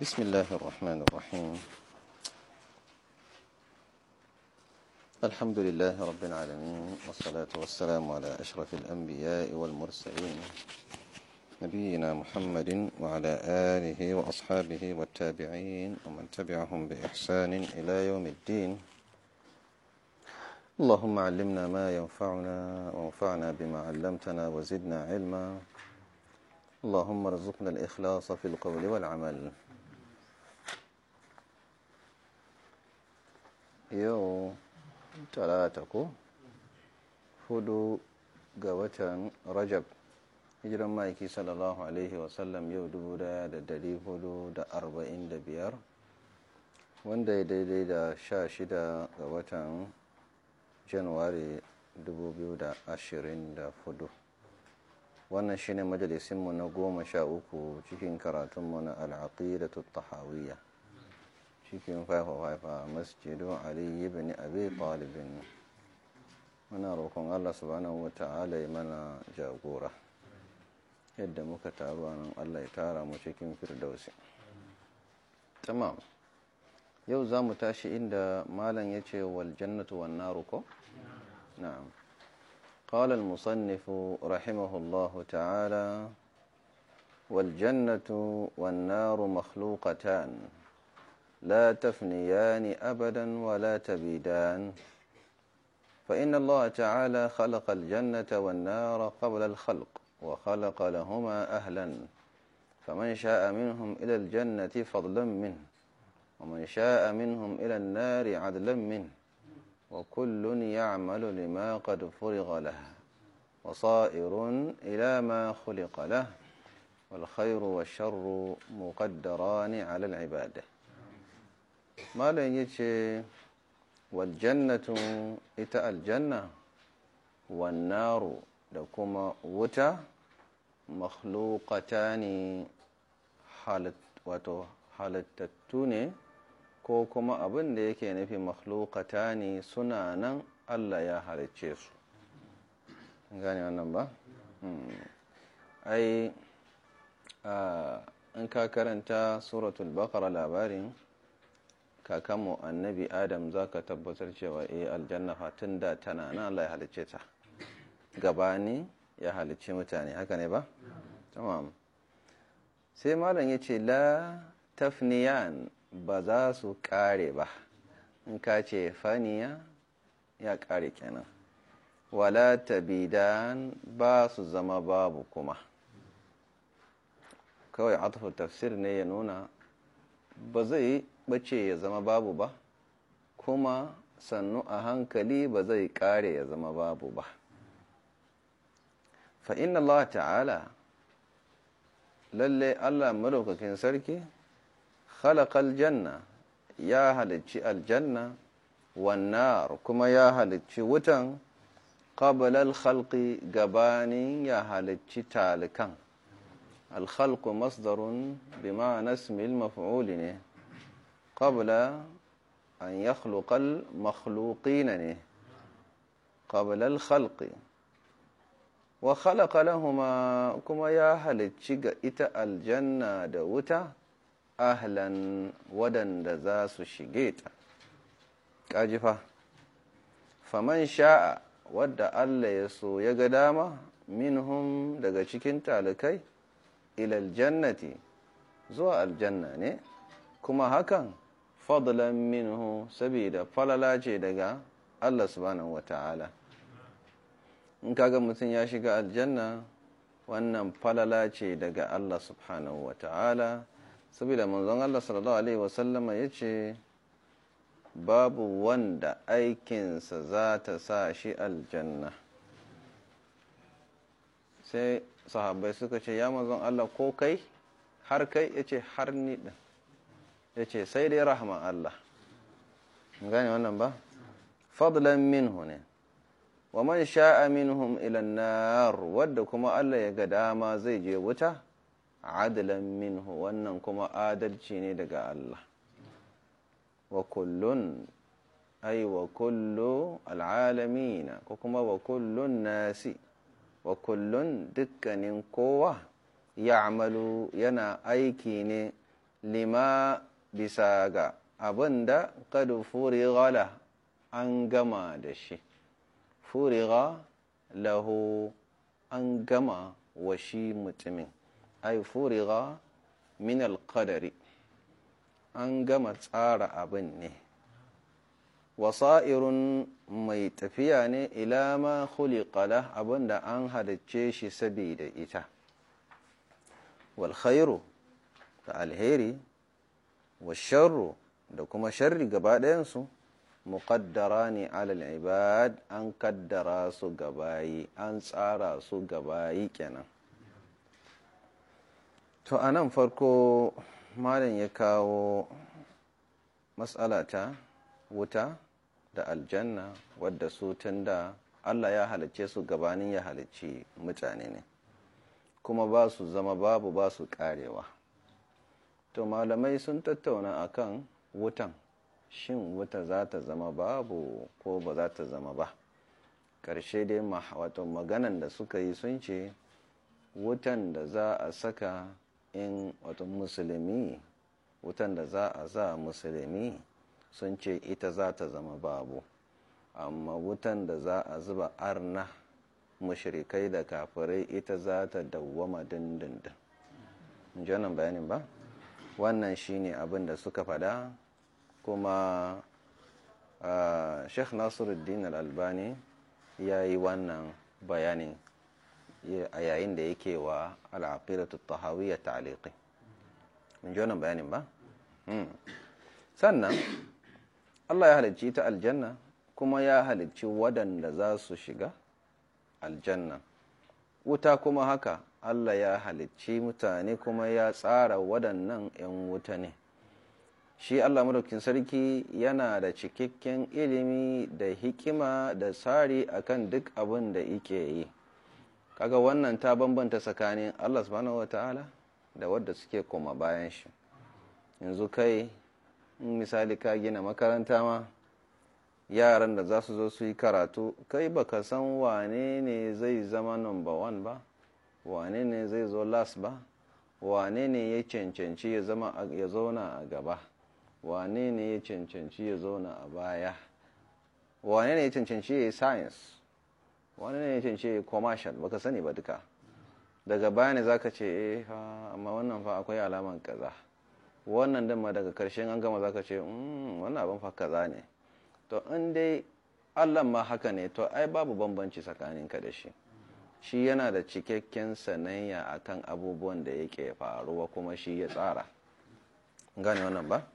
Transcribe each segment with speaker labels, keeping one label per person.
Speaker 1: بسم الله الرحمن الرحيم الحمد لله رب العالمين والصلاة والسلام على أشرف الأنبياء والمرسلين نبينا محمد وعلى آله وأصحابه والتابعين ومن تبعهم بإحسان إلى يوم الدين اللهم علمنا ما ينفعنا وانفعنا بما علمتنا وزدنا علما اللهم ارزقنا الإخلاص في القول والعمل yau talata ko hudu ga watan rajab hijiran ma'aiki sallallahu alaihi wasallam yau biyar wanda ya daidai da sha shida ga watan januwari 2024 wannan shine majalisinmu na goma sha uku cikin karatunmu na al'aqidatu tahawiyya cikin faifa-faifa masjidu aliyu bin abi talibin muna roƙon allah subhanahu wa ta'ala yi mana jagora yadda muka taru a nan allah ya tara mu cikin firdausi tamam yau za mu tashi inda malam ya ce wal jannatu wan naru ko na'am qala al musannif rahimahullahu ta'ala wal jannatu wan naru makhluqatan لا تفنيان أبدا ولا تبيدان فإن الله تعالى خلق الجنة والنار قبل الخلق وخلق لهما أهلا فمن شاء منهم إلى الجنة فضلا منه ومن شاء منهم إلى النار عدلا منه وكل يعمل لما قد فرغ له وصائر إلى ما خلق له والخير والشر مقدران على العباده malam ya ce waljannatun ita aljanna wannaru da kuma wuta makhlukata ne wato halittattu ne ko kuma abin da yake nufi makhlukata ne suna nan allah ya halicce su gani wannan ba hmm. ai in ka karanta suratul bakara labarin kakanmu annabi adam za ka tabbatar cewa eh aljanna fatin da tana na Allah ya halice ta gabani ya halice mutane haka ne ba tamam sai malam ya ce la tafniyan ba za su kare ba in ka ce faniya ya kare kenan wala tabidan ba su zama babu kuma kawai atufar tafsir ne ya nuna ba zai bace ya zama babu ba kuma sannu a hankali ba zai kare ya zama babu ba fa Allah ta'ala lalle Allah madaukakin sarki khalaqal janna ya halicci aljanna wannan kuma ya halicci wutan ƙabalar halki gabanin ya halicci talikan Alkhalku masdarun bima nasmil maf'uli ne qabla an yakhluqal ne qabla alkhalqi wa khalaqa lahuma kuma ya halicci ga ita aljanna da wuta ahlan wadanda za su shige ta kajifa faman sha'a wadda Allah ya so ya ga dama minhum daga cikin talikai ilal jannati zuwa aljanna ne kuma hakan fadlan minhu saboda falala ce daga Allah subhanahu wata'ala in kaga mutum ya shiga aljanna wannan falala ce daga Allah subhanahu wata'ala saboda manzon Allah sallallahu alaihi wasallama yace babu wanda aikinsa za ta sa shi aljanna sai sahabbai suka ce ya manzon Allah ko kai har kai ya ce har ni ɗin ya ce sai dai rahman Allah gane wannan ba fadlan minhu ne wa man sha'a minhum ila nar wadda kuma Allah ya ga dama zai je wuta adalan minhu wannan kuma adalci ne daga Allah wa kullun ay wa kullu al'alamina ko kuma wa kullun nasi wa kullun dukkanin kowa ya amalu yana aiki ne lima bisa ga abin da kadu furigala an gama da shi furiga lahu an gama wa shi mutumin ai furiga min alkadari an gama tsara abin ne wasa'irun mai tafiya ne ilama abin abinda an halicce shi sabida ita Walhairu da alheri washarru sharru da kuma sharri gaba ɗayansu muƙaddara ne alal ibad an kaddara su gabayi an tsara su gabayi kenan to a nan farko malam ya kawo matsala ta wuta da aljanna wadda su tun da allah ya halicce su gabanin ya halicci mutane ne kuma ba su zama babu ba su karewa to malamai sun tattauna akan wutan shin wuta za ta zama babu ko ba za ta zama ba ƙarshe dai wato maganan da suka yi sun ce wutan da za a saka in wato musulmi wutan da za a za musulmi sun ce ita za ta zama babu amma wutan da za a zuba arna mashirikai da kafirai ita za ta dawwama dindindin janan bayanin ba wannan shine abin da suka fada kuma sheikh nasiruddin al-albani ya yi wannan bayanin a yayin da yake wa al'afiratu ta ta'liqi mun bayanin ba hmm. sannan Allah ya halicci ta aljanna kuma ya halicci waɗanda za su shiga aljanna wuta kuma haka Allah ya halicci mutane kuma ya tsara waɗannan 'yan wuta ne shi Allah madaukin sarki yana da cikakken ilimi da hikima da tsari akan duk abin da yake yi kaga wannan ta bambanta tsakanin Allah subhanahu ta'ala da wadda suke koma bayan shi yanzu kai misali ka gina makaranta ma yaran da za su zo su yi karatu kai ba ka san wane ne zai zama number one ba wane ne zai zo last ba wane ne ya cancanci ya zama ya zauna a gaba wane ne ya cancanci ya zauna a baya wane ne ya cancanci ya yi science wane ne ya cancanci ya yi commercial ba ka sani ba duka daga baya ne za ka ce eh amma wannan fa akwai alaman kaza wannan din ma daga karshen an gama zaka ce hmm, wannan abin fa kaza ne to in dai Allah ma haka ne to ai babu bambanci tsakaninka da shi shi yana da cikakken sanayya akan abubuwan da yake faruwa kuma shi ya tsara gane wannan ba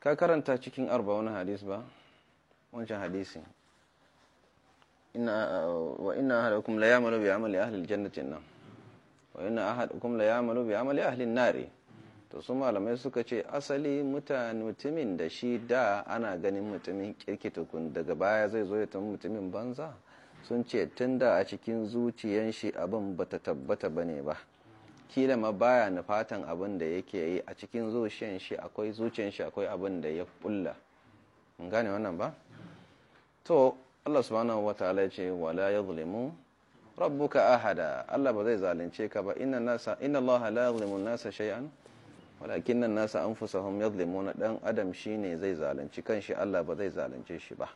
Speaker 1: ka karanta cikin arba wani hadis ba wancan hadisi wa hada ahadakum la ya'malu bi amali ahli aljannati nan wa hada ahadakum la ya'malu bi amali ahli an-nari to su malamai suka ce asali mutane mutumin da shi da ana ganin mutumin kirkitukun daga baya zai zo ya tamu mutumin banza sun ce tun da a cikin zuciyan shi abin bata tabbata ba ne ba kila ma baya na fatan abin da yake yi a cikin zuciyan shi akwai zuciyan shi akwai abin da ya kulla mun gane wannan ba to Allah subhanahu wataala ya ce wala ya zulimu rabbuka ahada Allah ba zai zalunce ka ba inna nasa inna Allah la yadhlimu nasa shay'an walakin nan nasa an fusahun na ɗan adam shi ne zai zalunci kanshi Allah ba zai zalunce shi ba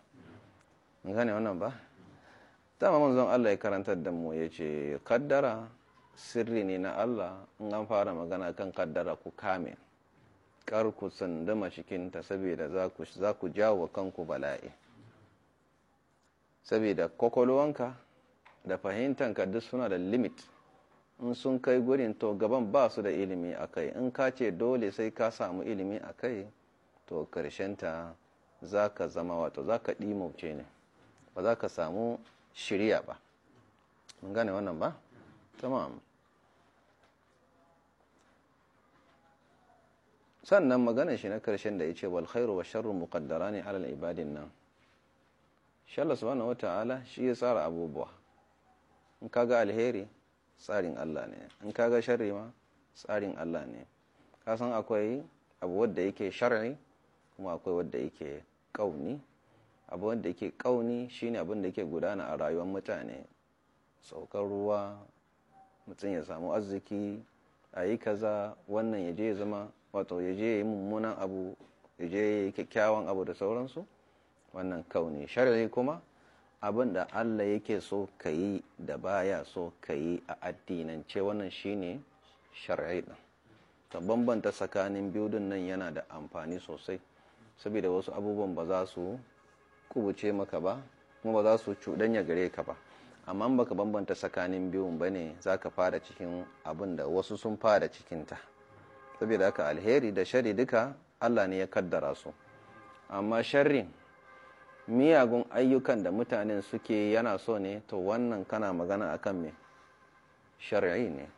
Speaker 1: in gane wannan ba ta dama manzon Allah ya karantar da mu ya ce kaddara sirri ne na Allah in an fara magana kan kaddara ku kame kar ku tsunduma cikinta saboda za ku jawo kanku bala'i saboda kwakwalwanka da fahimtanka duk suna da limit in sun kai gurin to gaban ba su da ilimi a kai in ka ce dole sai ka samu ilimi a kai to ta za ka zama wato za ka ɗimauce ne ba za ka samu shirya ba mun gane wannan ba? tamam sannan maganar shi na karshen da ya ce wal khairu wa sharru muqaddara ne alal ibadin nan shi Allah subhanahu wata'ala shi ya tsara abubuwa in ga alheri tsarin Allah ne in kaga sharri ma tsarin Allah ne kasan san akwai abu wadda yake shar'i kuma akwai wadda yake kauni abu wadda yake kauni shine abin da yake gudana a rayuwar mutane saukar ruwa mutum ya samu arziki a yi kaza wannan ya je ya zama wato ya je ya yi mummunan abu ya je ya yi kyakkyawan abu da sauransu wannan kauni shar'i kuma abin da Allah yake so ka yi da baya so ka yi a addinance wannan shine shar'i din ka bambanta tsakanin biyu nan yana da amfani sosai saboda wasu abubuwan ba za su kubuce maka ba kuma ba za su cuɗanya gare ka ba amma baka bambanta tsakanin biyun ba ne za ka fara cikin abin da wasu sun fara cikin ta saboda haka alheri da shari duka allah ne ya kaddara su amma sharrin miyagun ayyukan da mutanen suke yana so ne to wannan kana magana akan me shari'i ne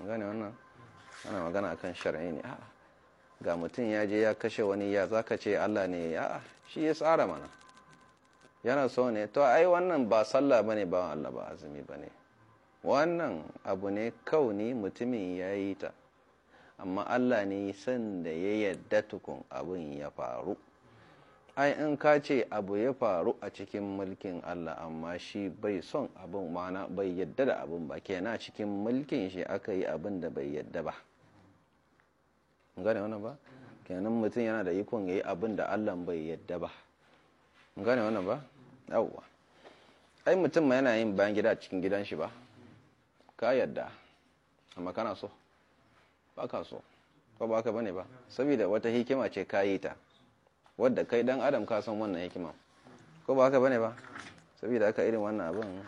Speaker 1: gane wannan kana magana akan shari'i ne ga mutum ya je ya kashe wani ya zaka ce Allah ne ya shi ya tsara mana yana so ne to ai wannan ba sallah bane ba Allah ba azumi bane wannan abu ne kauni mutumin yayi ta amma Allah ne san da ya yadda tukun abin ya faru ai in ka ce abu ya faru a cikin mulkin Allah amma shi bai son abin mana bai yadda da abin ba kena cikin mulkin shi aka yi abin da bai yadda ba gane wani ba kenan mutum yana da ikon ya yi abin da Allah bai yadda ba gane wani ba yawwa ai mutum ma yana yin bayan gida cikin gidan shi ba ka yadda amma kana so ba ka so ba ba ka bane ba saboda wata hikima ce ka yi ta wadda kai dan adam ka san wannan hikima ko ba haka bane ba saboda aka irin wannan abin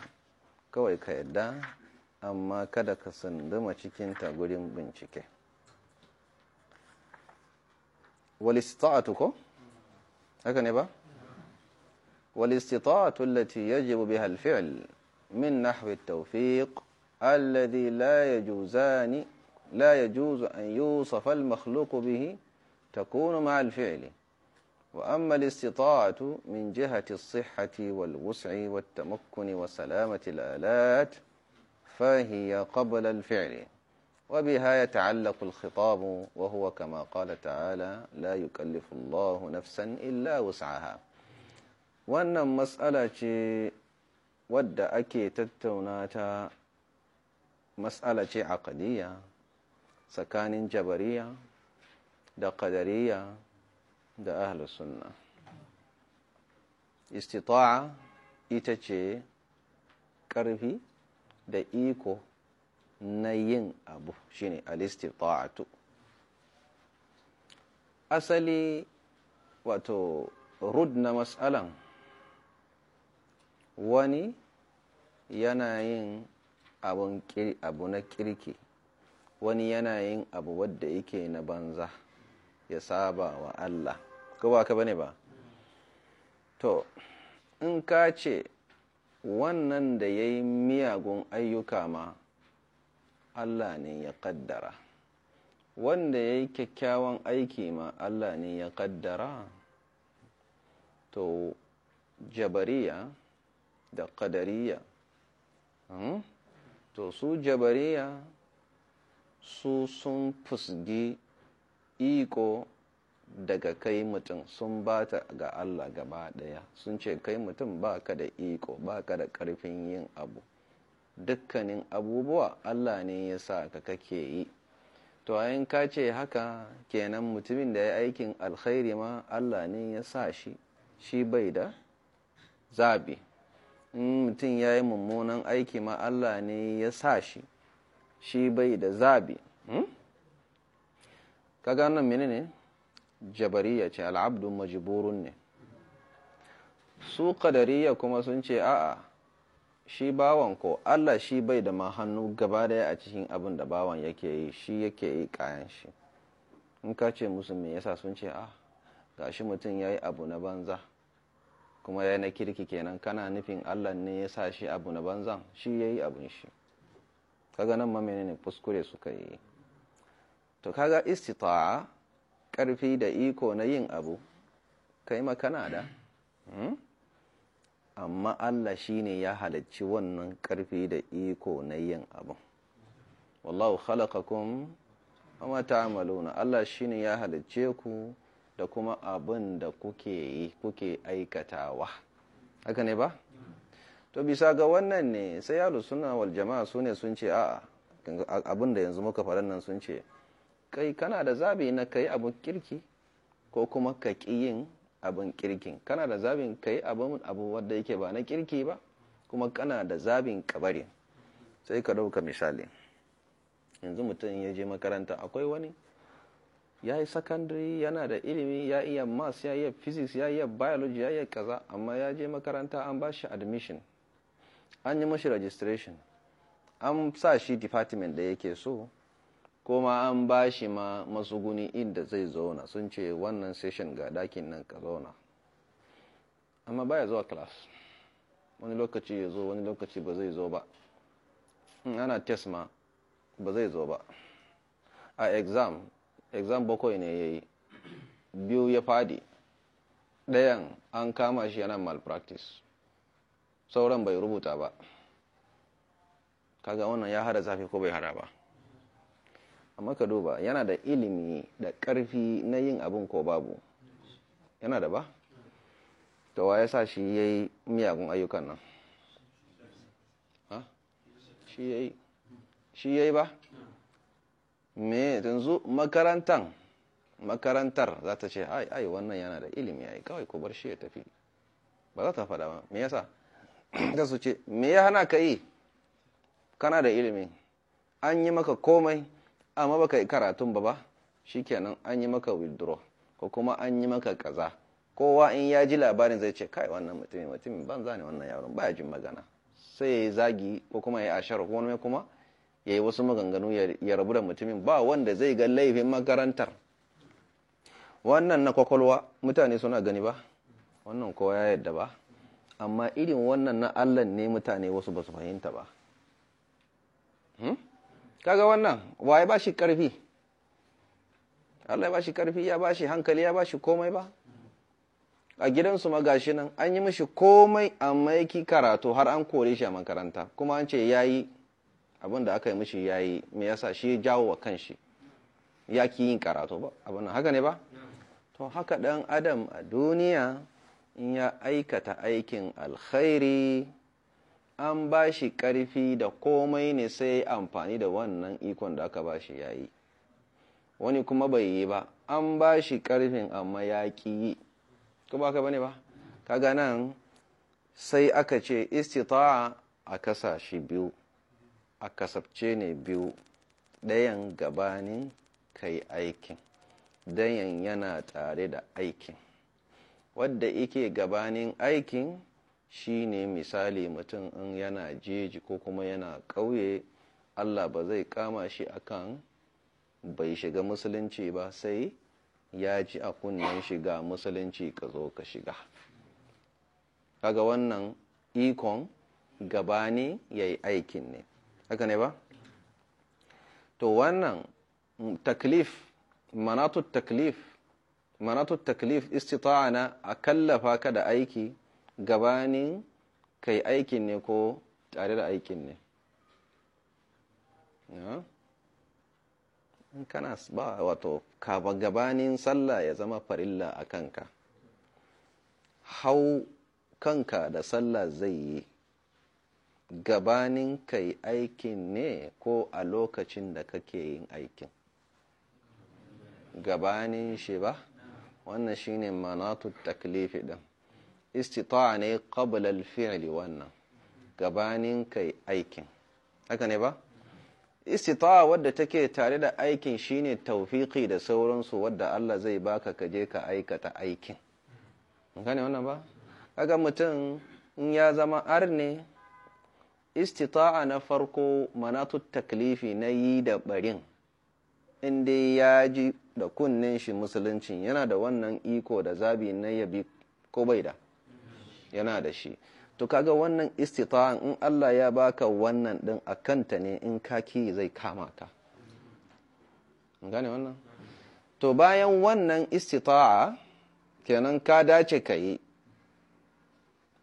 Speaker 1: kawai ka yadda amma kada ka sanduma cikin ta gurin bincike wal istita'atu ko haka ne ba wal istita'atu allati yajibu biha al-fi'l min nahwi at-tawfiq alladhi la yajuzani la yajuzu an yusafa al-makhluq bihi takunu ma'a al-fi'li وأما الاستطاعة من جهة الصحة والوسع والتمكن وسلامة الآلات فهي قبل الفعل وبها يتعلق الخطاب وهو كما قال تعالى لا يكلف الله نفسا إلا وسعها وأن مسألة ود أكي ake مسألة عقدية سكان جبرية دقدرية da ahli sunna istita'a ita ce ƙarfi da iko na yin abu shine alistita'atu asali wato rud na matsalan wani yana yin abu na kirki wani yana yin abu wadda yake na banza ya saba wa Allah ko ba ka bane ba to in ka ce wannan da ya yi miyagun ayyuka ma allah ne ya kaddara wanda ya yi kyakkyawan aiki ma allah ne ya kaddara to jabariya da kadariya hmm? to su jabariya su sun fusgi iko daga kai mutum sun ba ta ga Allah gaba ɗaya sun ce kai mutum ba ka da iko ba ka da ƙarfin yin abu dukkanin abubuwa Allah ne ya sa ka kake yi to ayin ka ce haka kenan mutumin da ya aikin alkhairi ma Allah ne ya sa shi shi bai da zabi mutum ya yi mummunan aiki ma Allah ne ya sa shi shi bai da zabi hmm? ka gano mene ne jabariya ce al'abdun majiburun ne su kadariya kuma sun ce a'a shi bawan ko Allah shi bai da ma hannu gaba daya a cikin abin da bawan yake yi shi yake yi kayan shi in ka ce musu me yasa sun ce a ah, gashi mutum ya yi abu na banza kuma ya na kirki kenan kana nufin Allah ne ya sa shi abu na banzan shi ya yi abin shi kaga nan ma ne kuskure suka yi to kaga istita'a ƙarfi da iko na yin abu kai makana da hmm? amma Allah shi ne ya halarci wannan ƙarfi da iko na yin abu wallahu khalaqakum wama ta'maluna Allah shi ne ya halicce ku da kuma abin da kuke yi kuke aikatawa haka ne ba to bisa ga wannan ne sai yalu suna wal jama'a ne sun ce a'a abin da yanzu muka faɗa nan sun ce kai kana da zabi na kai abin kirki ko kuma ka ƙi yin abin kirkin kana da zabin kai abin abu wanda yake ba na kirki ba kuma kana da zabin kabari sai ka dauka misali yanzu mutum ya je makaranta akwai wani ya yi secondary yana da ilimi ya iya mas, ya iya physics ya iya biology ya iya kaza amma ya je makaranta an ba shi admission an yi mashi registration an sa shi department da yake so kuma an ba shi ma matsuguni inda zai zauna sun ce wannan session ga dakin nan ka zauna amma baya zuwa class wani lokaci ya zo wani lokaci ba zai zo ba in ana test ma ba zai zo ba a exam exam bakwai ne ya yi biyu ya fadi ɗayan an kama shi yana malpractice sauran bai rubuta ba kaga wannan ya hada zafi ko bai hada ba amma ka duba yana da ilimi da ƙarfi na yin abin ko babu yana da ba to wa ya sa shi ya yi miyagun ayyukan nan shi ya yi ba me yanzu makarantar makarantar za ta ce ai ai wannan yana da ilimi yi kawai ko bar shi ya tafi ba za ta faɗa ba me yasa ta su ce me ya hana ka yi kana da ilimi an yi maka komai amma baka yi karatun ba ba shikenan an yi maka withdraw ko kuma an yi maka kaza kowa in ya ji labarin zai ce kai wannan mutumin mutumin ban zane wannan yaron baya jin magana sai ya zagi ko kuma ya ashar ko wani kuma ya yi wasu maganganu ya rabu da mutumin ba wanda zai ga laifin makarantar wannan na kwakwalwa mutane suna gani ba wannan kowa ya yadda ba amma irin wannan na allan ne mutane wasu ba su fahimta ba hmm? kaga wannan waye ba shi karfi Allah ya ba shi karfi ya ba shi hankali ya ba shi komai ba a gidansu magashi nan an yi mishi komai amma yake karatu har an kore shi a makaranta kuma an ce yayi abin da aka yi mishi yi me yasa shi jawo wa kanshi ya ki yin karatu ba abin haka ne ba to haka dan adam a duniya in ya aikata aikin alkhairi an ba shi ƙarfi da komai ne sai amfani da wannan ikon da aka ba shi ya yi wani kuma bai yi ba an ba shi ƙarfin amma ya ƙi yi ko ba ka bane ba kaga nan sai aka ce istita'a a kasa shi biyu a kasabce ne biyu ɗayan gabanin kai aikin dayan yana tare da aikin wadda ike gabanin aikin shi ne misali mutum in yana jeji ko kuma yana ƙauye allah ba zai kama shi akan bai shiga musulunci ba sai ya ji a kunnen shiga musulunci ka zo ka shiga kaga wannan ikon gabani ya yi aikin ne haka ne ba to wannan taklif manatu taklif manatu taklif istita'a na a kallafa ka da aiki gabanin kai aikin ne ko tare da aikin ne in kana ba wato kaba gabanin sallah ya zama farilla a kanka hau kanka da sallah zai yi gabanin kai aikin ne ko a lokacin da kake yin aikin gabanin shi ba wannan shine manatu taklifi din istita'a ne qabla al wannan gabanin kai aikin haka ne ba istita'a wadda take tare da aikin shine tawfiqi da sauransu wadda Allah zai baka ka je ka aikata aikin ne wannan ba haka mutum in ya zama arne istita'a na farko manatu taklifi na yi da barin inda ya ji da kunnen shi musuluncin yana da wannan iko da zabi na yabi ko bai da yana da shi to kaga wannan istita'an in Allah ya baka wannan din akanta ne in kaki zai kama ka gane wannan to bayan wannan istita'a kenan ka dace ka yi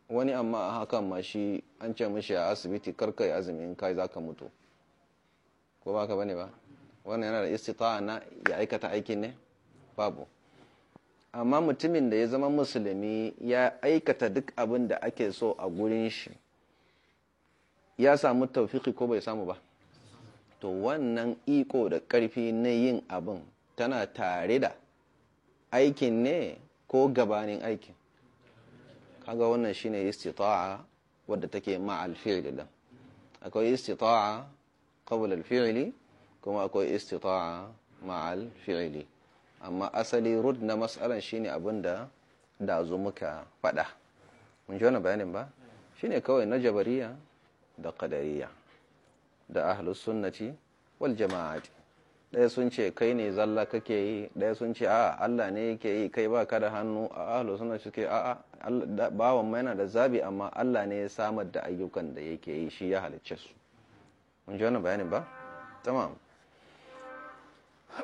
Speaker 1: wani amma a hakan ma shi an ce mishi a asibiti karkai azumi in kai zaka mutu ko ba bane ba wannan yana da istita'a na ya aikata aikin ne babu amma mutumin da ya zama musulmi ya aikata duk abin da ake so a gurin shi ya samu taufiki ko bai samu ba to wannan iko da ƙarfi na yin abin tana tare da aikin ne ko gabanin aikin kaga wannan shine istita'a wadda take ma'al fi'li din akwai istita'a qabla al kuma akwai istita'a ma'al fi'li amma asali rud na matsalan shine abin da da zo muka faɗa mun ji wani bayanin ba shine kawai na jabariya da kadariya da ahlus sunnati wal jama'ati ɗaya sun ce kai ne zalla kake yi ɗaya sun ce a'a Allah ne yake yi kai ba ka da hannu a ahlus sunna suke a'a bawan mai da zabi amma Allah ne ya samar da ayyukan da yake yi shi ya halicce su mun ji wani bayanin ba tamam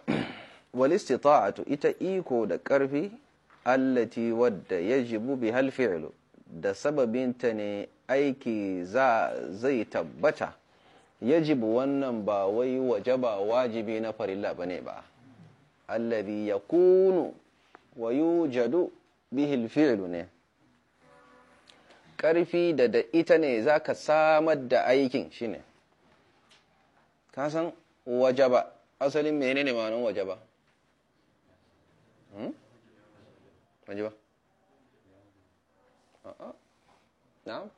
Speaker 1: walistita'atu ita iko da ƙarfi allati wadda yajibu bi hal fi'lu da sababinta ne aiki za zai tabbata yajibu wannan ba wai wajaba wajibi na farilla bane ba allazi yakunu wa yujadu bihi filu ne ƙarfi da da ita ne zaka samar da aikin shine ka san wajaba asalin menene ma'anar ba? رجبة نعم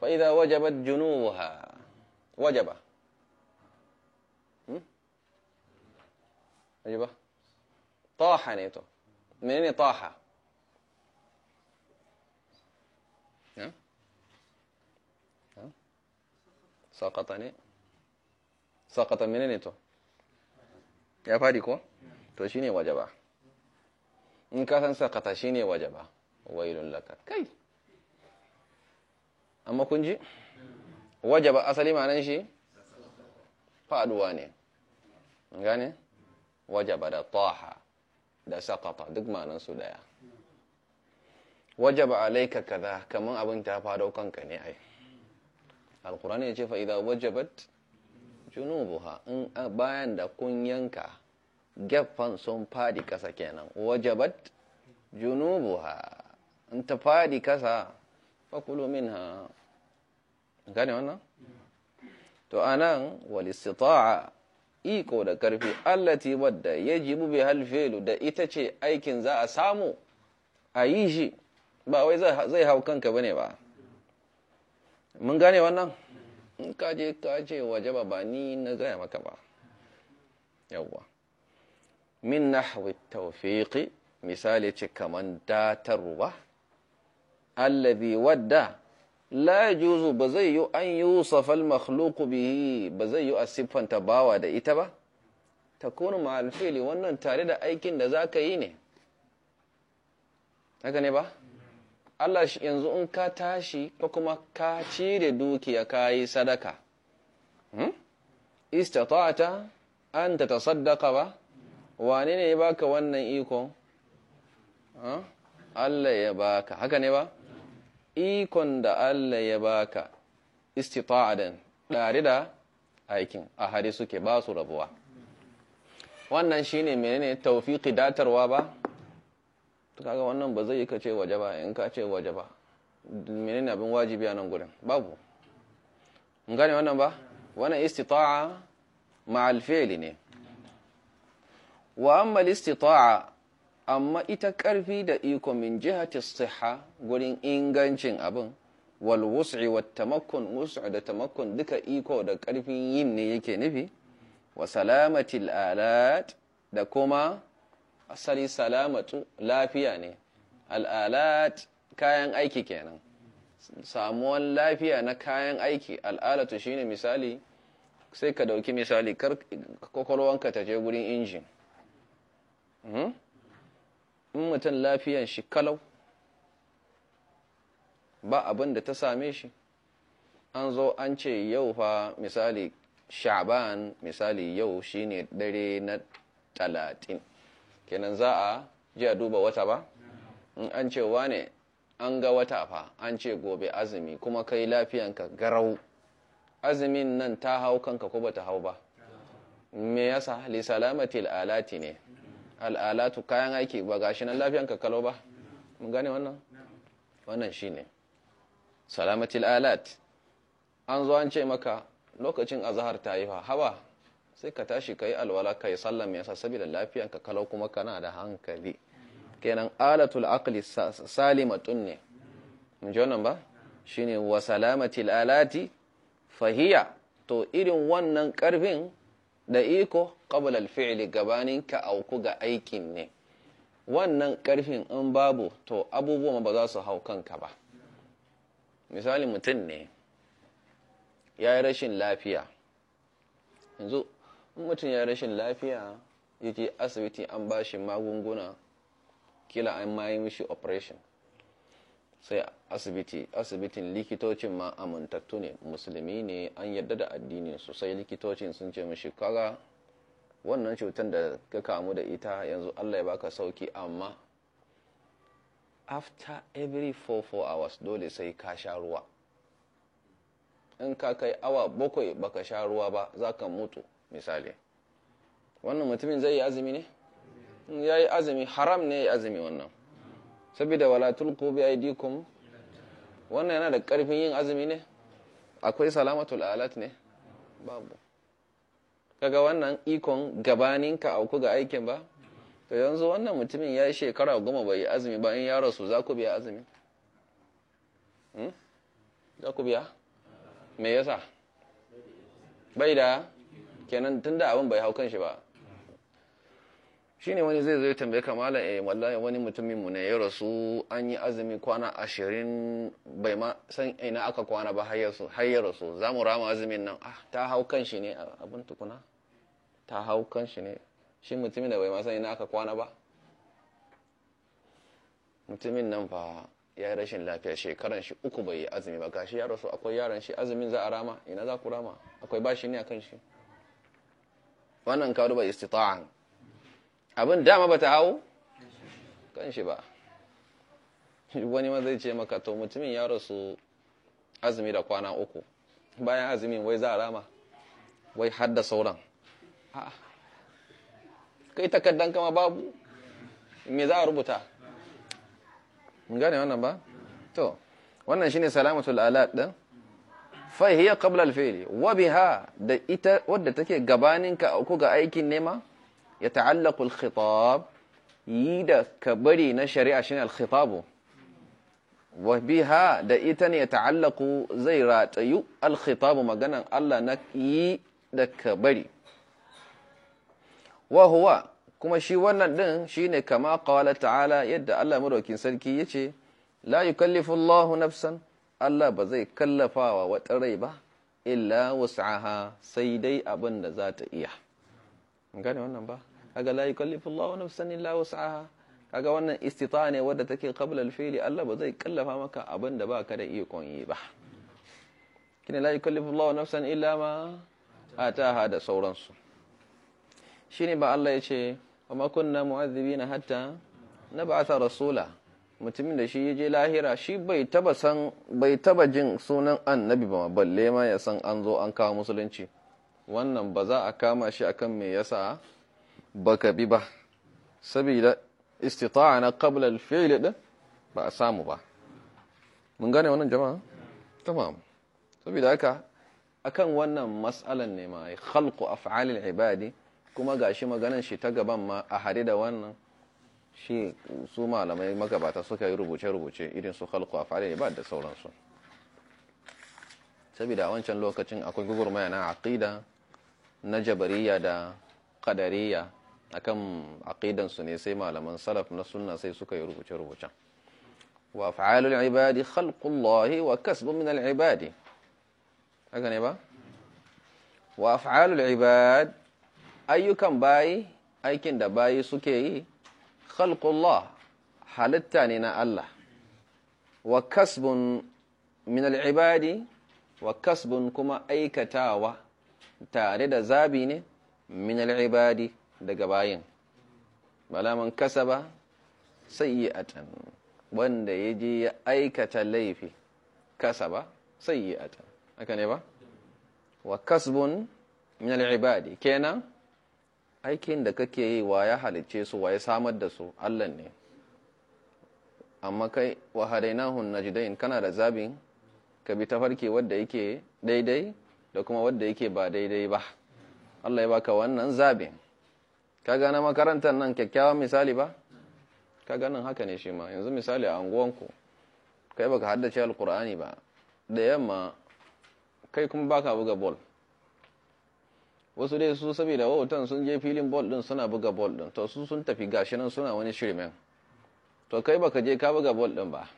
Speaker 1: فإذا وجبت جنوبها وجب رجبة طاح نيته منين طاح سقطني سقط منين نيته يا فادي كو to waje wajaba in ka san sakata shine wajaba wailun laka kai amma kun ji wajaba asali ma'anar shi faduwa ne gane wajaba da taha da sakata duk ma'anar su daya wajaba alaika kaza kaman abin ta fado kanka ne ai alkurani ya ce fa'ida idza wajabat junubuha in bayan da kun yanka gyaffan sun fadi kasa kenan wajabat junubuha in ta fadi kasa fakulu minha gane wannan to anan wal istita'a iko da karfi allati wadda yajibu bi hal fi'lu da ita ce aikin za a samu ayi yi shi ba wai zai hau kanka bane ba mun gane wannan in kaje kaje wajaba ba ni na gaya maka ba yawwa min nahwi tawfiqi misali ce kaman datarwa allabi wadda la juzu ba zai yi an yusafa al-makhluq bihi ba zai yi asifanta bawa da ita ba takunu ma alfili wannan tare da aikin da ka yi ne haka ne ba Allah shi yanzu in ka tashi ko kuma ka cire dukiya ka yi sadaka hmm? istata'ata an saddaka ba wane ne ya baka wannan ikon Allah ya baka haka ne ba ikon da Allah ya baka istita'adan ɗari da aikin a hari suke ba su rabuwa wannan shine menene tawfiqi datarwa ba Tuka ga wannan ba zai yi kace waje ba in ka ce waje ba menene abin wajibi a nan gudun. babu mun gane wannan ba wannan istita'a ma'alfeli ne wa amma listita'a amma ita karfi da iko min jihati siha gurin ingancin abin wal wus'i wat tamakkun wus'u da tamakkun duka iko da ƙarfin yin ne yake nufi wa salamati alat da kuma asali salamatu lafiya ne al'alat kayan aiki kenan samuwan lafiya na kayan aiki al'alatu shine misali sai ka dauki misali kwakwalwanka ta je gurin injin Hmm? in mutum lafiyan shi kalau ba abin da ta same shi an zo an ce yau fa misali sha'ban misali yau shine dare na talatin kenan za a ji a duba wata ba in an ce wane an ga wata fa an ce gobe azumi kuma kai ka garau azumin nan ta hau kanka ko ba ta hau ba me yasa lisalamatil alati ne al'alatu kayan aiki ba gashi nan lafiyan ba mun gane wannan wannan shi ne. salamatil alat an zo an ce maka lokacin azahar ta yi fa hawa sai ka tashi ka yi alwala kai yi me yasa saboda lafiyan kalau kuma kana da hankali kenan alatul aqli salimatun ne mun ji wannan ba shine wa salamatil alati fahiya to irin wannan karfin da iko qabla fi'ili gabanin ka auku ga aikin ne wannan karfin in babu to abubuwan ba za su hau kanka ba misali mutum ne ya yi rashin lafiya yanzu in mutum ya yi rashin lafiya yake asibiti an ba shi magunguna kila an mayi mishi operation sai asibiti asibitin likitocin ma amintattu ne musulmi ne an yadda da addinin su sai likitocin sun ce mu kaga wannan cutar da ka kamu da ita yanzu allah ya baka sauki amma after every 4 hours dole sai ka sha ruwa in ka kai awa bakwai baka sha ruwa ba za ka mutu misali wannan mutumin zai yi azumi ne ya yi azumi haram ne ya yi azumi wannan saboda wala tulqu bi wannan yana da karfin yin azumi ne akwai salamatul alat ne babu kaga wannan ikon gabaninka auku ga aikin ba to yanzu wannan mutumin ya yi shekara goma bai azumi ba in ya rasu za ku biya azumi hmm? za ku biya me yasa bai da kenan tun da abin bai hau kan shi ba shine wani zai zo ya tambaye ka mala eh wallahi wani mutumin mu ne ya rasu an yi azumi kwana ashirin bai ma san ina aka kwana ba har ya rasu za mu rama azumin nan ah ta hau kan shi ne abin tukuna ta hau kan shi ne shi mutumin da bai ma san ina aka kwana ba mutumin nan fa ya yi rashin lafiya shekaran shi uku bai yi azumi ba gashi ya rasu akwai yaran shi azumin za a rama ina za ku rama akwai bashi ne a kan shi wannan ka duba istita'an abin dama ba ta hau kan shi ba wani ma zai ce maka to mutumin ya rasu azumi da kwana uku bayan azumin wai za a rama wai har da sauran kai takaddan kama babu me za a rubuta gane wannan ba to wannan shine salamatul alat din fa hiya qabla al-fi'li wa biha da ita wadda take gabaninka ko ga aikin nema ya ta'allaku al-khitab yi da kabari na shari'a shine al-khitabu wa biha da ita ne ya ta'allaku zai ratayu al-khitabu maganan Allah na yi da kabari wa huwa kuma shi wannan shi shine kama ƙawala ta'ala yadda Allah madaukin sarki yace la yukallifu Allahu nafsan Allah ba zai kallafawa wata rai ba illa wus'aha sai dai abin da za ta iya gane wannan ba kaga la yukallifu Allahu nafsan illa wus'aha kaga wannan istita ne wadda take qabla al-fi'li Allah ba zai kallafa maka abin da baka da iko yi ba kina la yukallifu Allahu nafsan illa ma ataha da sauransu shine ba Allah ya ce wa ma kunna mu'adhibina hatta nab'atha rasula mutumin da shi yaje lahira shi bai taba san bai taba jin sunan annabi ba balle ma ya san an zo an kawo musulunci wannan ba za a kama shi akan me yasa baka bi ba saboda istita'a na qabla al-fi'l din ba a samu ba mun gane wannan jama'a tamam saboda haka akan wannan mas'alan ne mai khalqu al ibadi kuma gashi maganan shi ta gaban ma a hade da wannan shi su malamai magabata suka yi rubuce-rubuce irin su khalqu al-ibad da sauransu saboda wancan lokacin akwai gugurmaya na aqida na jabariya da kadariya akan aqidansu ne sai malaman salaf na sunna sai suka yi rubuce-rubucen wa fa'alul ibadi khalqullahi wa kasbun min al-ibadi haka ne ba wa af'alul ibad ayyukan bayi aikin da bayi suke yi khalqullah halitta ne na Allah wa kasbun min al-ibadi wa kasbun kuma aikatawa tare da zabi ne min al'ibadi daga bayin balaman a can wanda ya je ya aikata laifi kasa ba sai yi a can haka ne ba wa kasbun min al'ibadi kenan aikin da kake yi wa ya halicce su wa ya samar da su Allah ne amma kai wa hunna najdain kana da zabin ka bi ta farke wadda yake daidai da kuma wadda yake ba daidai ba Allah ya baka wannan zabe ka gane makarantar nan kyakkyawan misali ba ka ganin haka ne shi ma yanzu misali a anguwanku kai baka haddace alkur'ani ba da yamma kai kuma baka buga bol wasu dai su saboda wautan sun je filin bol din suna buga bol din to su sun tafi gashi nan suna wani shirmen to kai baka je ka buga bol din ba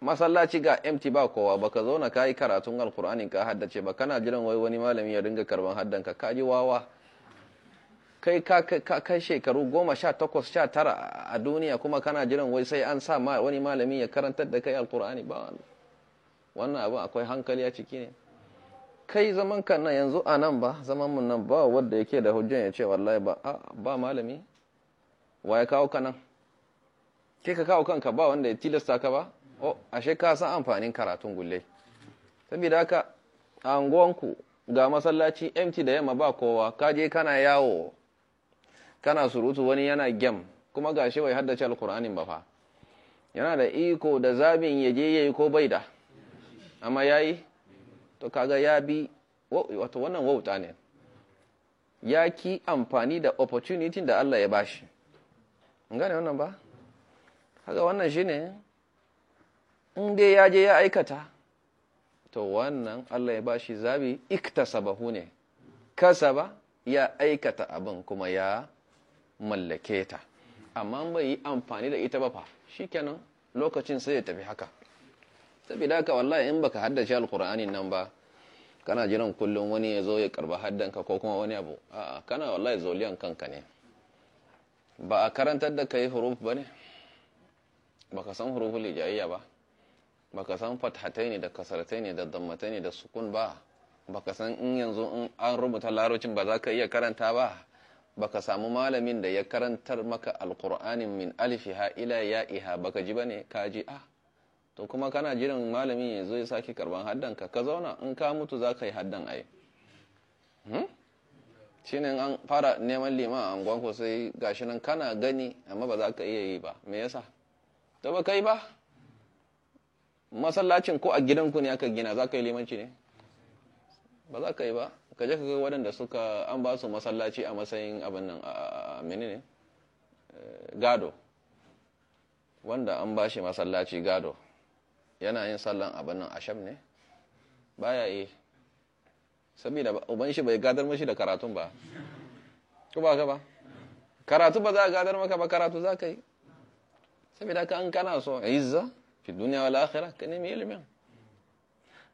Speaker 1: masallaci ga mt ba kowa baka zauna ka yi karatun alkur'anin ka haddace ba kana jiran wai wani malami ya ringa karban haddanka ka ji wawa kai ka shekaru goma sha takwas sha tara a duniya kuma kana jiran wai sai an sa wani malami ya karantar da kai alkur'ani ba wannan wannan abin akwai hankali a ciki ne kai zaman kan nan yanzu a nan ba zaman mun nan ba wanda yake da hujjan ya ce wallahi ba ba malami wa ya kawo ka nan ke ka kawo kanka ba wanda ya tilasta ka ba oh ashe ka san amfanin karatun gulle saboda haka a unguwanku ga masallaci empty da yamma ba kowa kaje kana yawo kana surutu wani yana gem kuma ga gashi wai haddace alkur'anin ba fa yana da iko da zabin ya je yayi ko bai da amma yayi to kaga ya bi wato wannan wauta ne ya ki amfani da opportunity da Allah ya bashi gane wannan ba haka wannan shine in dai ya je ya aikata to wannan Allah ya bashi zabi iktasabahu ne kasaba ya aikata abin kuma ya mallake ta amma bai yi amfani da ita ba fa shikenan lokacin sai ya tafi haka saboda haka wallahi in baka haddace alqur'ani nan ba kana jiran kullum wani ya zo ya karba haddanka ko kuma wani abu a'a kana wallahi zoliyan kanka ne ba a karantar da kai huruf bane baka san huruful hijaiya ba baka san fathatai ne da kasartai ne da dammatai ne da sukun ba baka san in yanzu in an rubuta larocin ba za ka iya karanta ba baka samu malamin da ya karantar maka alkur'anin min alifi ha ila ya iha baka ji ba ne ka ji a ah, to kuma kana jiran malamin ya zo ya sake karban haddan ka ka zauna in ka mutu za ka yi haddan ai hmm? shi ne an fara neman liman a angon sai gashi nan kana gani amma ba za ka iya yi ba me yasa to ba kai ba masallacin ko a gidanku ne aka gina za ka yi limanci ne ba za ka yi ba ka je ka ga waɗanda suka an ba su masallaci a matsayin abin nan a ne? Eh, gado wanda an ba shi masallaci gado yana yin sallan abin nan sham ne baya yi saboda uban shi bai gadar mashi da karatun ba ku ba ka ba karatu ba za a gadar maka ba karatu za ka yi saboda ka an kana so izza fi duniya wal akhira ka nemi ilimin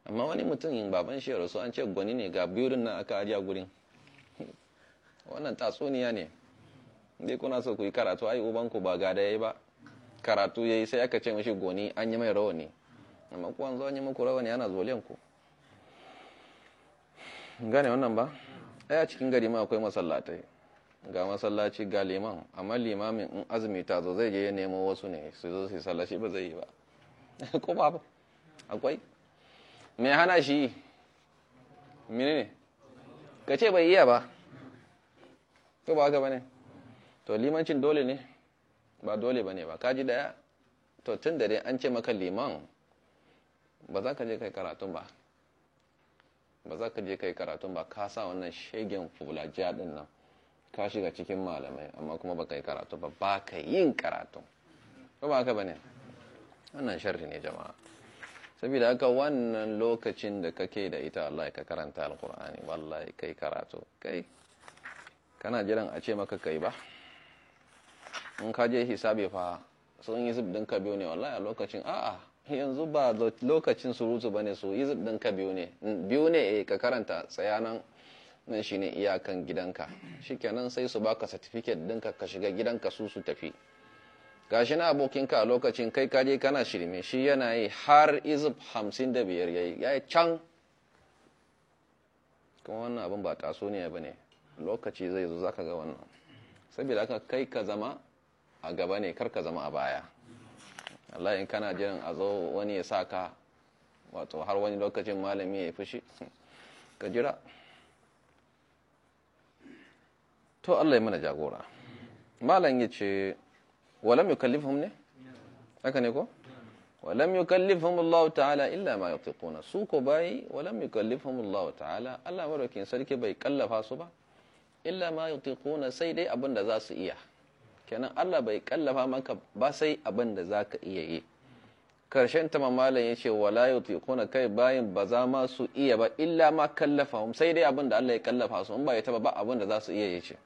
Speaker 1: amma wani mutum baban shi ya rasu an ce gwani ne ga biyurin nan aka ajiya gurin wannan tatsuniya ne inda kuna so ku yi karatu ai ubanku ba gada yayi ba karatu yayi sai aka ce mishi goni an yi mai rawani amma ku an zo an yi muku rawani ana zolen ku gane wannan ba ai cikin gari ma akwai masallatai ga masallaci ga liman amma limamin in azumi ta zo zai je ya nemo wasu ne su zo su sallaci ba zai yi ba ko babu akwai mai hana shi mini ne ka ce bai iya ba ko ba haka ba ne to limancin dole ne ba dole ba ne ba kaji daya to tun da dai an ce maka liman ba za ka je kai karatun ba ba za ka je kai karatun ba ka sa wannan shegen fulajiya din nan ka shiga cikin malamai amma kuma ba ka yi karatun ba ba ka yin karatun ba ba ka ba ne wannan sharri ne jama'a saboda haka wannan lokacin da kake da ita Allah ka karanta alkur'ani wallahi kai karatu kai kana jiran a ce maka kai ba in ka je hisabi fa sun yi zub ka biyu ne wallahi a lokacin a'a yanzu ba lokacin surutu bane su yi zub ɗinka biyu ne biyo ne eh, ka karanta tsayanan nan shi ne iyakan gidanka shi kenan sai su baka satifiket ɗinka ka shiga gidanka su su tafi gashi na abokinka a lokacin kai kaje kana shirme shi yana yi har Izub hamsin da biyar ya yi ya yi can kuma wannan abin ba taso ne ba ne lokaci zai zo za ka ga wannan saboda haka kai ka zama a gaba ne kar ka zama a baya Allah in kana jiran a zo wani ya sa ka wato har wani lokacin malami ya fushi ka jira to Allah ya mana jagora malam ya ce walam yukallifhum ne haka ne ko walam yukallifhum Allah ta'ala illa ma yutiquna su ko bai walam sarki bai kallafa su ba illa sai dai abin da za su iya kenan Allah bai kallafa maka ba sai abin da za ka iya yi karshen ta malam ya ce wala kai bayin ba za ma su iya ba illa ma kallafa sai dai abin da Allah ya kallafa su ba ya taba ba abin da za su iya yace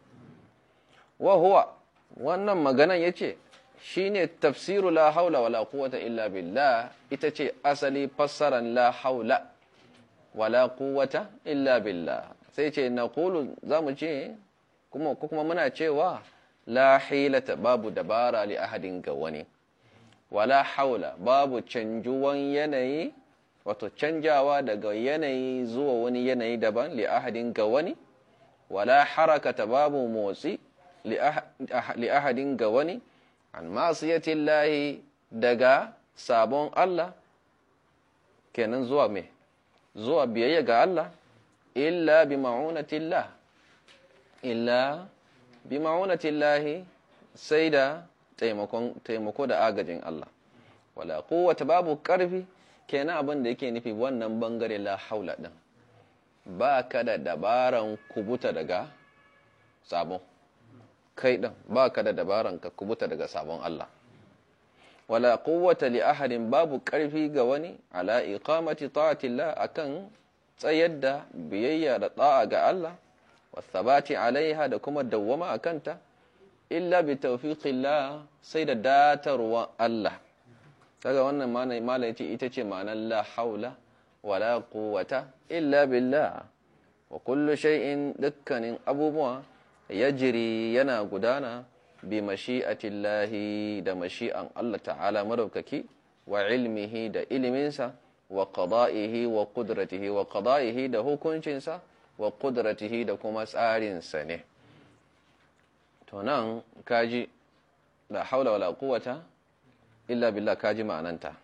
Speaker 1: wa huwa wannan maganan ya ce shi ne tafsiru la haula wa la illa billah ita ce asali fassaran la haula wa la illa billah sai ce na kulu za mu ce kuma kuma muna cewa la hilata babu dabara li ahadin ga wani wala haula babu canjuwan yanayi wato canjawa daga yanayi zuwa wani yanayi daban li ahadin ga wani wala harakata babu motsi li ahadin ga wani an masiyatin lahi daga sabon Allah kenan zuwa mai zuwa biyayya ga Allah illa bi ma'unatillah illa bi ma'unatillah sai da taimako da agajin Allah wala kowata babu karfi kenan abin da yake nufi wannan bangare la haula din? ba ka da dabaran kubuta daga sabon kai ba baka da dabaran ka kubuta daga sabon Allah wala quwwata li ahadin babu karfi ga wani ala iqamati ta'atillah akan tsayar da biyayya da ɗa'a ga Allah wasabati alaiha da kuma dawwama akanta illa bi tawfiqillah sai da datarwa Allah kaga wannan mala ita ce manan la haula wala kowata illa billah wa kullu shay'in dukkanin abubuwa ya jiri yana gudana bi mashi'atillahi da mashi'an Allah ta'ala maraukaki wa ilmihi da iliminsa wa qada'ihi wa qudratihi wa qada'ihi da hukuncinsa wa qudratihi da kuma tsarinsa ne to kaji da haula wala quwwata illa billah kaji ma'ananta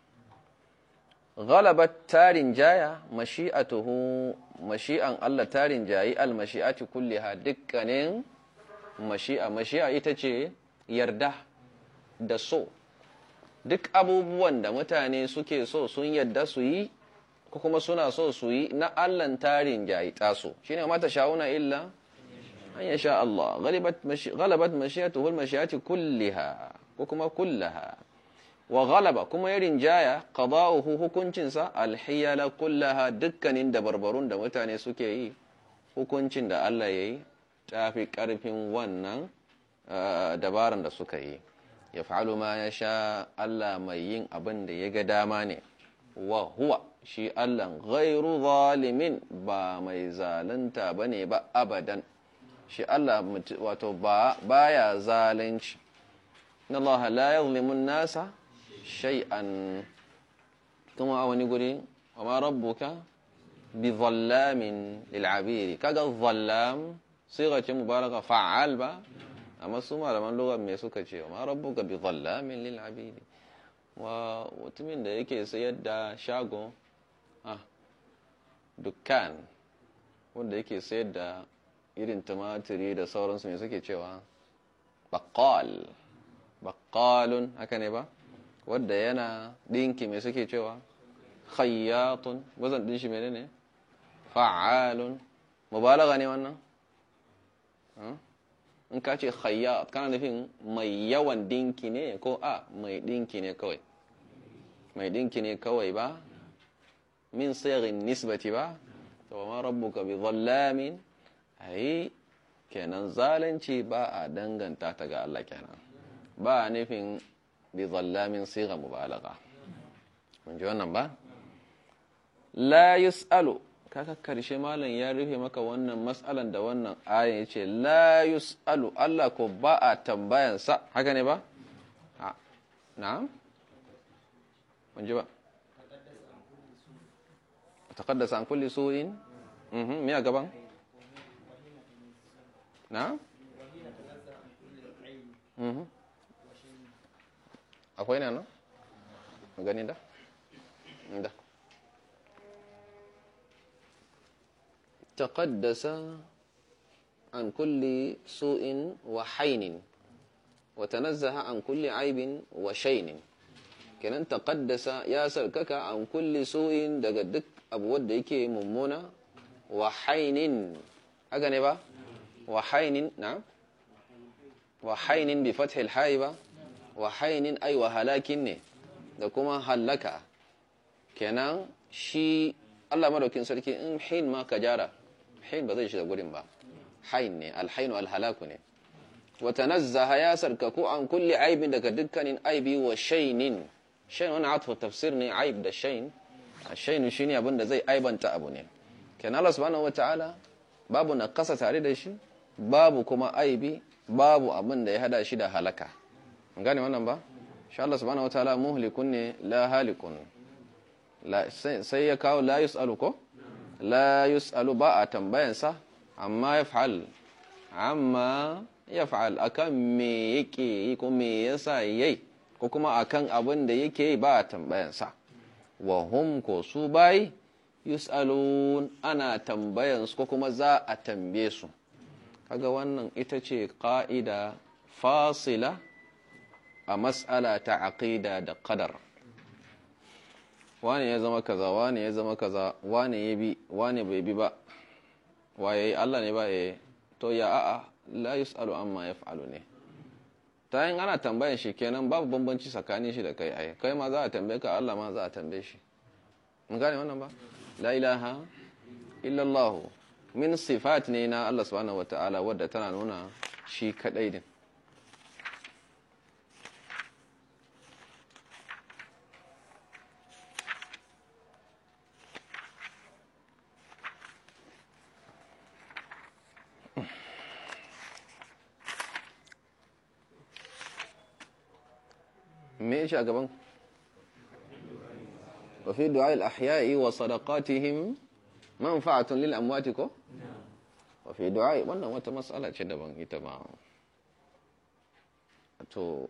Speaker 1: galabar tarin jaya mashi'atuhu mashi'an Allah tarin jayi al mashi'ati kulliha dukkanin mashi'a mashi'a ita ce yarda da so duk abubuwan da mutane suke so sun yarda su yi ko kuma suna so su yi na allan tarin jayi taso shine mata sha'una illa an ya sha Allah galabat mashiyatuhul mashiyati kulliha ko kuma kullaha wa galaba kuma ya rinjaya qada'uhu hukuncinsa alhiyala kullaha dukkanin dabarbarun da mutane suke yi hukuncin da Allah ya yi. ta fi ƙarfin wannan eh, dabaran da suka yi ya fa'alu ma ya sha Allah mai yin abin da ya ga dama ne wa huwa shi Allah gairu zalimin ba mai zalunta ba ne ba abadan shi Allah wato ba ya zalunci na Allah la yazlimun nasa shai'an kuma a wani guri wa ma rabbuka bi zallamin lil kaga zallam siga ce mubaraka fa'al ba amma masu malaman lugha me suka ce ma rabbuka bi min lil abidi wa mutumin da yake sayar da shago a dukkan wanda yake sayar da irin tumatiri da sauransu me suke cewa baqqal baqqalun haka ne ba Wadda yana dinki me suke cewa khayyatun wazan din shi menene fa'alun mubalaga ne wannan in ka ce khayyat kana nufin mai yawan dinki ne ko a mai dinki ne kawai mai dinki ne kawai ba min sirin nisbati ba to ma ka bi zallamin yi kenan zalunci ba a danganta ta ga Allah kenan ba nufin bi zallamin siga mubalaga Kun ji wannan ba la yus'alu ka karshe malam ya rufe maka wannan matsalan da wannan ayin ce la yus'alu Allah ko ba a tambayansa haka ne ba? na'am? wanji ba? taƙaddasa an kulli su'in? mhm miya gaban? Na? mhm akwai na nan? gani da? da taqaddasa an kulli su'in wa hainin wa tanazzaha an kulli aibin wa shainin kenan taqaddasa ya sarkaka an kulli su'in daga duk abu wanda yake mummuna wa hainin haka ne ba wa hainin na wa hainin bi fathi al wa hainin ay wa halakin ne da kuma halaka kenan shi Allah madaukin sarki in hin ma ka jara hain ba zai shiga gurin ba hain ne alhainu alhalaku ne wa tanazzaha ya sarkaku an kulli aibin daga dukkanin aibi wa shainin shain wani atfu tafsir ne aib da shain a shainu shi ne abinda zai aibanta abu ne kenan Allah wa ta'ala babu na kasa tare da shi babu kuma aibi babu abin da ya hada shi da halaka gane wannan ba sha Allah subhanahu ta'ala muhlikun ne la halikun sai ya kawo la yus'alu ko la yus'alu ba a tambayansa amma yaf'al amma a akan me yake yi ko me yasa yai ko kuma akan abin da yake yi ba a tambayansa wa hum ko su bayi yus'alun ana tambayansu ko kuma za a tambaye su kaga wannan ita ce ƙa'ida fasila a mas'ala ta aƙida da ƙadar wane ya zama kaza wane ya zama kaza wane ya bi wane bai bi ba waye Allah ne ba ya to ya a'a la yus'alu amma yaf'alu ne ta yin ana tambayan shi kenan babu bambanci tsakanin shi da kai ai kai ma za a tambaye ka Allah ma za a tambaye shi mun gane wannan ba la ilaha Allah min sifat ne na Allah subhanahu wataala wadda tana nuna shi kadai din me yace a gaban wa fi du'a al-ahya'i wa sadaqatihim manfa'atun lil amwati ko wa fi du'a wannan wata mas'ala ce daban ita ma to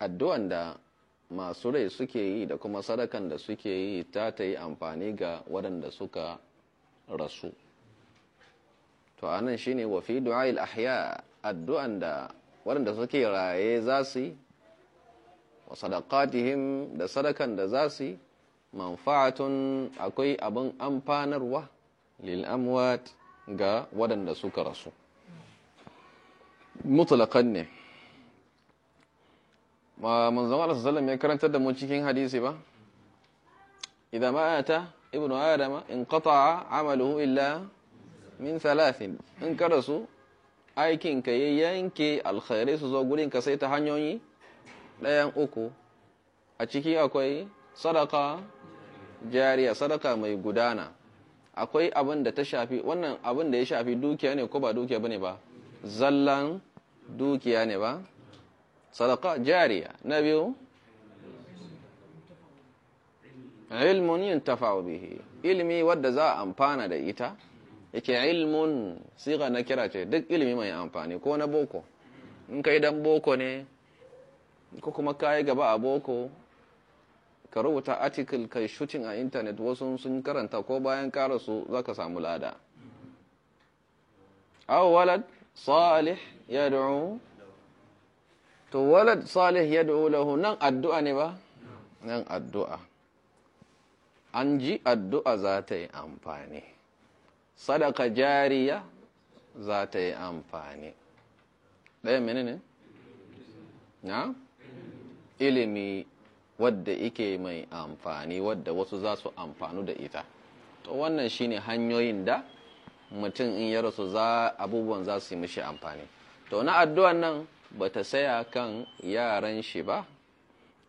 Speaker 1: addu'an da masu rai suke yi da kuma sadakan da suke yi ta ta yi amfani ga waɗanda suka rasu to anan shine wa fi al ahya addu'an da waɗanda suke raye za su yi wa sadaqatihim da sadakan da za su yi manfa'atun akwai abin amfanarwa lil amwat ga waɗanda suka rasu mutlaƙan ne ma manzon Allah sallallahu ya karantar da mu cikin hadisi ba idan ta, ibnu adama in qata'a amaluhu illa min thalathin in ka rasu aikin ka yanke alkhairai su zo gurin ka sai ta hanyoyi ɗayan uku a ciki akwai sadaka jariya sadaka mai gudana akwai abin da ta shafi wannan abin da ya shafi dukiya ne ko ba dukiya bane ba zallan dukiya ne ba sadaka jariya na biyu ilmun yin bihi ilmi wadda za a amfana da ita yake ilmun siga na kira ce duk ilmi mai amfani ko na boko in kai don boko ne ko kuma kayi gaba a boko ka rubuta article kai shooting a intanet wasu sun karanta ko bayan karasu za ka samu lada aw walad salih yad'u to walad salih yad'u lahu nan addu'a ne ba nan addu'a an ji addu'a za ta yi amfani sadaka jariya za ta yi amfani ɗaya ne? na ilimi wadda ike mai amfani wadda wasu za su amfanu da ita to wannan shine hanyoyin da mutum in ya rasu za abubuwan za su yi mishi amfani to na addu'an nan ba ta saya kan yaran shi ba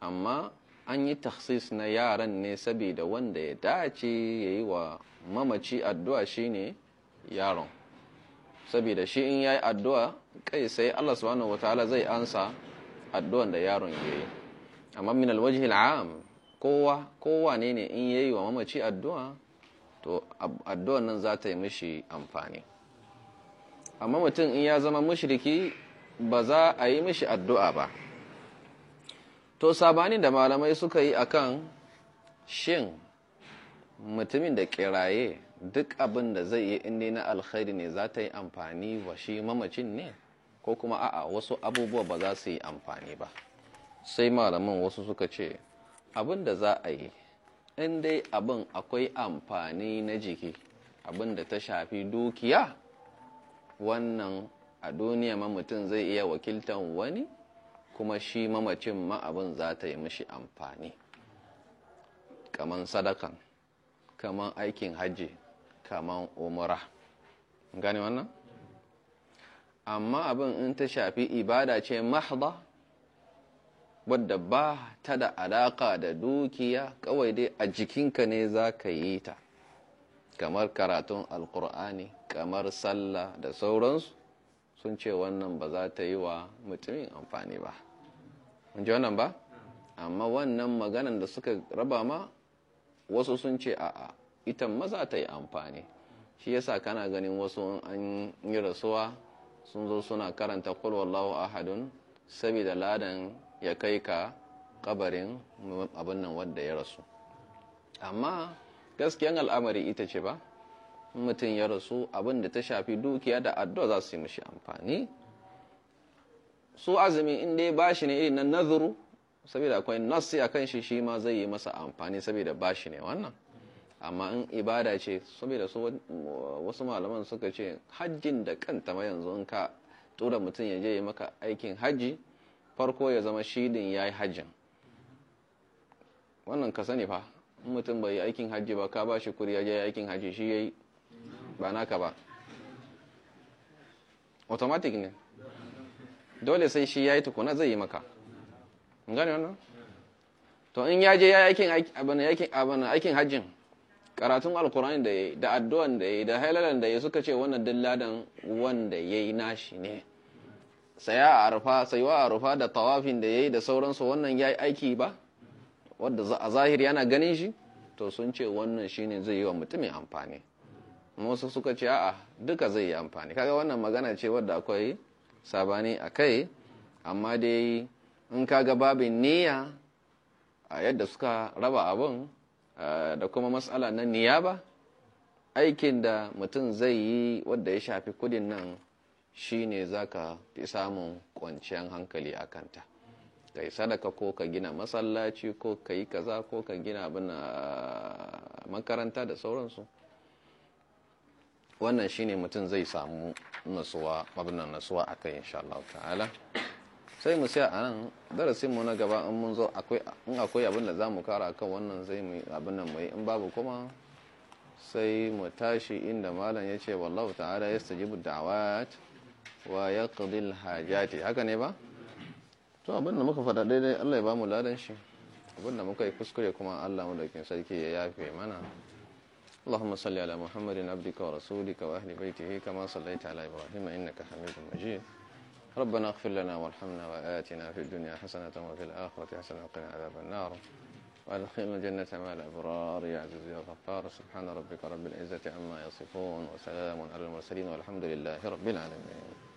Speaker 1: amma an yi taksis na yaran ne saboda wanda ya dace ya yi wa mamaci addu'a shine yaron saboda shi in ya yi addu'a kai sai allah subhanahu wataala zai ansa addu'an da yaron ya yi amma min alwajhi al'am kowa kowa ne ne in yayi wa mamaci addu'a to addu'an nan za ta yi mishi amfani amma mutum in ya zama mushriki ba za a yi mishi addu'a ba to sabanin da malamai suka yi akan shin mutumin da kiraye duk abin da zai yi inda na alkhairi ne za ta yi amfani wa shi mamacin ne ko kuma a'a wasu abubuwa ba za su yi amfani ba sai malaman wasu suka ce abin da za a yi in dai abin akwai amfani na jiki abin da ta shafi dukiya wannan a duniya ma mutum zai iya wakiltan wani kuma shi mamacin ma abin za ta yi mashi amfani kaman sadakan kaman aikin hajji kaman umura gani wannan amma abin in ta shafi ibada ce mahda wadda ba ta da alaka da dukiya kawai dai a jikinka ne za ka yi ta kamar karatun alkur'ani kamar sallah da sauransu sun ce wannan ba za ta yi wa mutumin amfani ba in ji wannan ba amma wannan maganan da suka raba ma wasu sun ce a'a ita maza ta yi amfani shi yasa kana ganin wasu an yi rasuwa sun zo suna karanta kulwallahu ahadun saboda ladan ya kai ka kabarin abin nan wanda ya rasu amma gaskiyan al'amari ita ce ba mutum ya rasu abin da ta shafi dukiya da addu'a za su yi mashi amfani su azumi in dai shi ne irin na nazuru saboda akwai nasi akan shi shi ma zai yi masa amfani saboda shi ne wannan amma in ibada ce saboda su wasu malaman suka ce hajjin da kanta ma yanzu in ka tura mutum ya je yi maka aikin hajji farko ya zama shidin ya yi hajjin wannan ka sani fa mutum bai yi aikin hajji ba ka ba shi kuri ya je yi aikin hajji shi ya yi ba naka ba automatic ne dole sai shi ya yi tukuna zai yi maka gani wannan to in ya je ya yi aikin hajjin karatun alkur'ani da yayi da addu'an da yayi da halalan da yayi suka ce wannan dilladan wanda yayi nashi ne saya a arfa saiwa a arfa da tawafin da yayi da sauransu wannan yayi aiki ba wanda a zahiri yana ganin shi to sun ce wannan shine zai yi wa mutumin amfani musu suka ce a'a duka zai yi amfani kaga wannan magana ce wadda akwai sabani a kai amma dai in kaga babin niyya a yadda suka raba abin Ah, da kuma matsala na niyaba aikin da mutum zai yi wadda ya shafi kudin nan shine zaka fi samun kwanciyar hankali a kanta ka yi sadaka ko ka gina masallaci ko ka yi kaza ko ka gina abin ah, makaranta da sauransu wannan shine mutum zai samu nasuwa abin nasuwa akan insha Allah ta'ala sai mu siya a nan darasin mu na gaba in mun zo in akwai abin da za mu kara kan wannan zai mu abin nan mai in babu kuma sai mu tashi inda malam ya ce wallahu ta'ala ya stajibu buddawat wa ya qadil hajati haka ne ba to abin da muka faɗa daidai Allah ba mu ladan shi abin da muka yi kuskure kuma Allah mu sarki ya yafe mana اللهم صل على محمد عبدك ورسولك وأهل بيته كما صليت على إبراهيم إنك حميد مجيد ربنا اغفر لنا وارحمنا وآتنا في الدنيا حسنة وفي الآخرة حسنة وقنا عذاب النار وأدخلنا الجنة مع الأبرار يا عزيز يا غفار سبحان ربك رب العزة عما يصفون وسلام على المرسلين والحمد لله رب العالمين